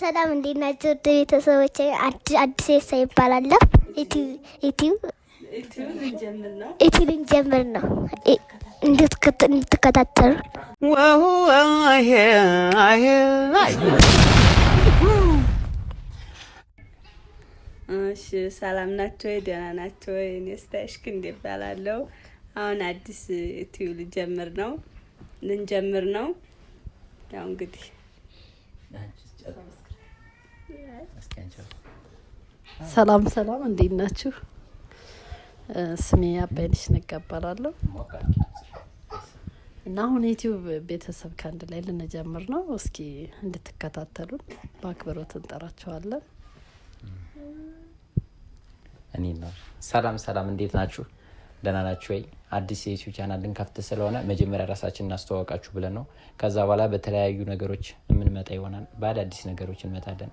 ሰላም እንዴት ናቸው? ውድ ቤተሰቦች አዲስ ሳ ይባላለሁ። ኢቲ ልንጀምር ነው እንድትከታተሉ። እሺ ሰላም ናቸው ወይ? ደህና ናቸው ወይ? እኔ ስታሽክ እንዴ ይባላለሁ። አሁን አዲስ ኢቲዩ ልጀምር ነው ልንጀምር ነው ያው እንግዲህ ሰላም ሰላም፣ እንዴት ናችሁ? ስሜ አባይነሽ ነጋ እባላለሁ እና አሁን ዩቲዩብ ቤተሰብ ከአንድ ላይ ልንጀምር ነው። እስኪ እንድትከታተሉን በአክብሮት እንጠራችኋለን። እኔ ነው። ሰላም ሰላም፣ እንዴት ናችሁ? ደህና ናችሁ ወይ? አዲስ የዩቲዩብ ቻናል ልንከፍት ስለሆነ መጀመሪያ ራሳችን እናስተዋወቃችሁ ብለን ነው። ከዛ በኋላ በተለያዩ ነገሮች የምንመጣ ይሆናል። በአዳዲስ ነገሮች እንመጣለን።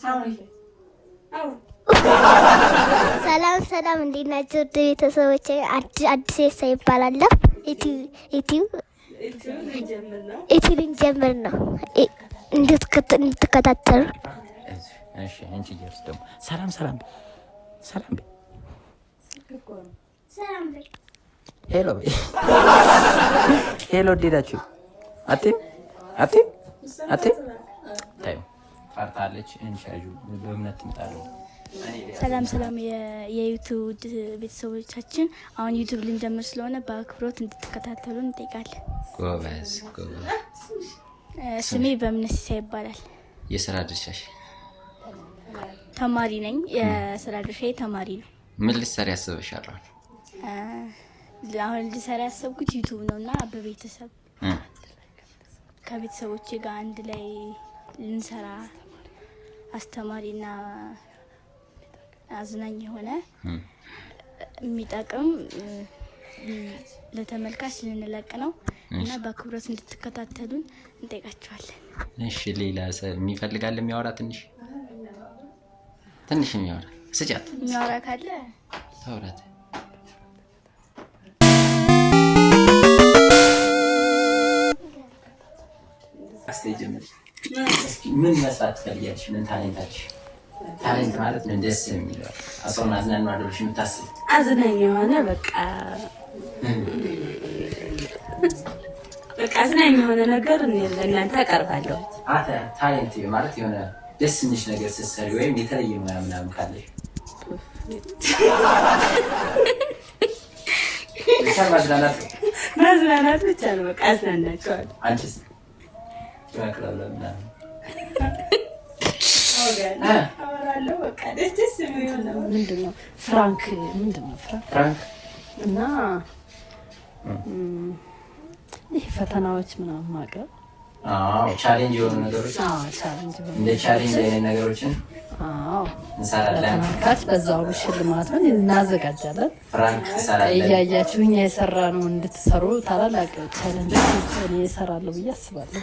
ሰላም ሰላም፣ እንዴት ናቸው ውድ ቤተሰቦች? አዲስ የሳ ይባላለሁ። ኢቲቪ ጀምር ነው እንድትከታተሉ። ሰላም ሰላም ሰላም ሄሎ ሄሎ፣ እንዴት ናችሁ? አቴ አቴ አቴ ፈርታለች። እንሻዩ በእምነት ትምጣለሁ። ሰላም ሰላም የዩቱብ ቤተሰቦቻችን፣ አሁን ዩቱብ ልንጀምር ስለሆነ በአክብሮት እንድትከታተሉ እንጠይቃለን። ጎበዝ ጎበዝ። ስሜ በእምነት ሲሳ ይባላል። የስራ ድርሻሽ? ተማሪ ነኝ። የስራ ድርሻ ተማሪ ነው። ምን ልትሰሪ ያስበሻለሁ? አሁን ልሰራ ያሰብኩት ዩቱብ ነው እና በቤተሰብ ከቤተሰቦቼ ጋር አንድ ላይ ልንሰራ አስተማሪና አዝናኝ የሆነ የሚጠቅም ለተመልካች ልንለቅ ነው እና በክብረት እንድትከታተሉን እንጠይቃችኋለን። እሺ፣ ሌላ የሚፈልጋል የሚያወራ ትንሽ ትንሽ የሚያወራ ስጫት የሚያወራ ካለ ተውራት አስተጀምር ምን መስራት ትፈልጊያለሽ? ምን ታሌንታለሽ? ታሌንት ማለት ምን ደስ የሚለው አስሩን አዝናኝ ነው አይደለሽ? የምታስብ አዝናኝ የሆነ በቃ በቃ አዝናኝ የሆነ ነገር ለእናንተ አቀርባለሁ። ታሌንት ማለት የሆነ ደስ የሚልሽ ነገር ስትሰሪ ወይም የተለየ ሙያ ምናምን ካለሽ ብቻ ማዝናናት ማዝናናት ብቻ ነው። በቃ አዝናናቸዋለሁ። አንቺስ? ምንድን ፍራንክ? ምንድን ፍራንክ? እና ይህ ፈተናዎች ምናምን ማቅረብ ቻሌንጅ የሆኑ ነገሮች እንደ ቻሌንጅ አይነት ነገሮችን እንሰራለን። በዛው ሽልማቱን እናዘጋጃለን። እያያችሁ እኛ የሰራ ነው እንድትሰሩ ታላላቅ ቻሌንጅ እኔ እሰራለሁ ብዬ አስባለሁ።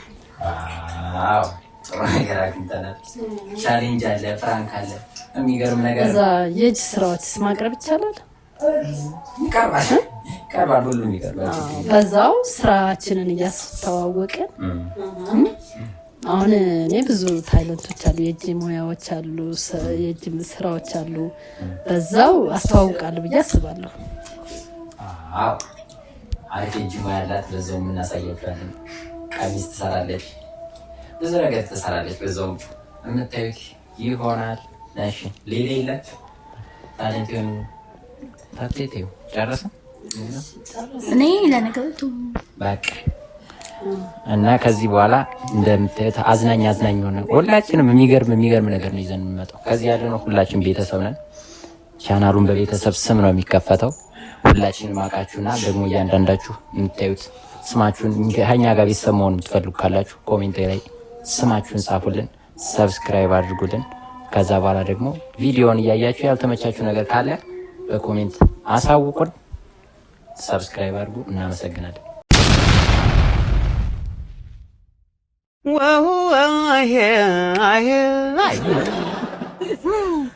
ጥሩ ነገር አግኝተናል። ቻሌንጅ አለ፣ ፍራንክ አለ፣ የሚገርም ነገር እዛ የእጅ ስራዎችስ ማቅረብ ይቻላል? ይቀርባል፣ ይቀርባል፣ ሁሉም ይቀርባል። በዛው ስራችንን እያስተዋወቅን አሁን እኔ ብዙ ታይለንቶች አሉ፣ የእጅ ሙያዎች አሉ፣ የእጅ ስራዎች አሉ። በዛው አስተዋውቃለሁ ብዬ አስባለሁ። አሪፍ የእጅ ሙያ ያላት በዛው የምናሳያችኋለን። ቀሚስ ትሰራለች፣ ብዙ ነገር ትሰራለች። በዛውም የምታዩት ይሆናል። ናሽ ሌላ የላችሁ ታለንት ታቴቴው ታቴቴ ጨረሰ። እኔ ለነገቱ በቃ እና ከዚህ በኋላ እንደምታዩት አዝናኝ አዝናኝ ሆነ። ሁላችንም የሚገርም የሚገርም ነገር ነው ይዘን የምንመጣው። ከዚህ ያለ ነው ሁላችን ቤተሰብ ነን። ቻናሉን በቤተሰብ ስም ነው የሚከፈተው። ሁላችንም አውቃችሁና ደግሞ እያንዳንዳችሁ የምታዩት ስማችሁን ከኛ ጋር ቤተሰብ መሆን የምትፈልጉ ካላችሁ ኮሜንት ላይ ስማችሁን ጻፉልን፣ ሰብስክራይብ አድርጉልን። ከዛ በኋላ ደግሞ ቪዲዮን እያያችሁ ያልተመቻችሁ ነገር ካለ በኮሜንት አሳውቁን። ሰብስክራይብ አድርጉ። እናመሰግናለን። ወሁ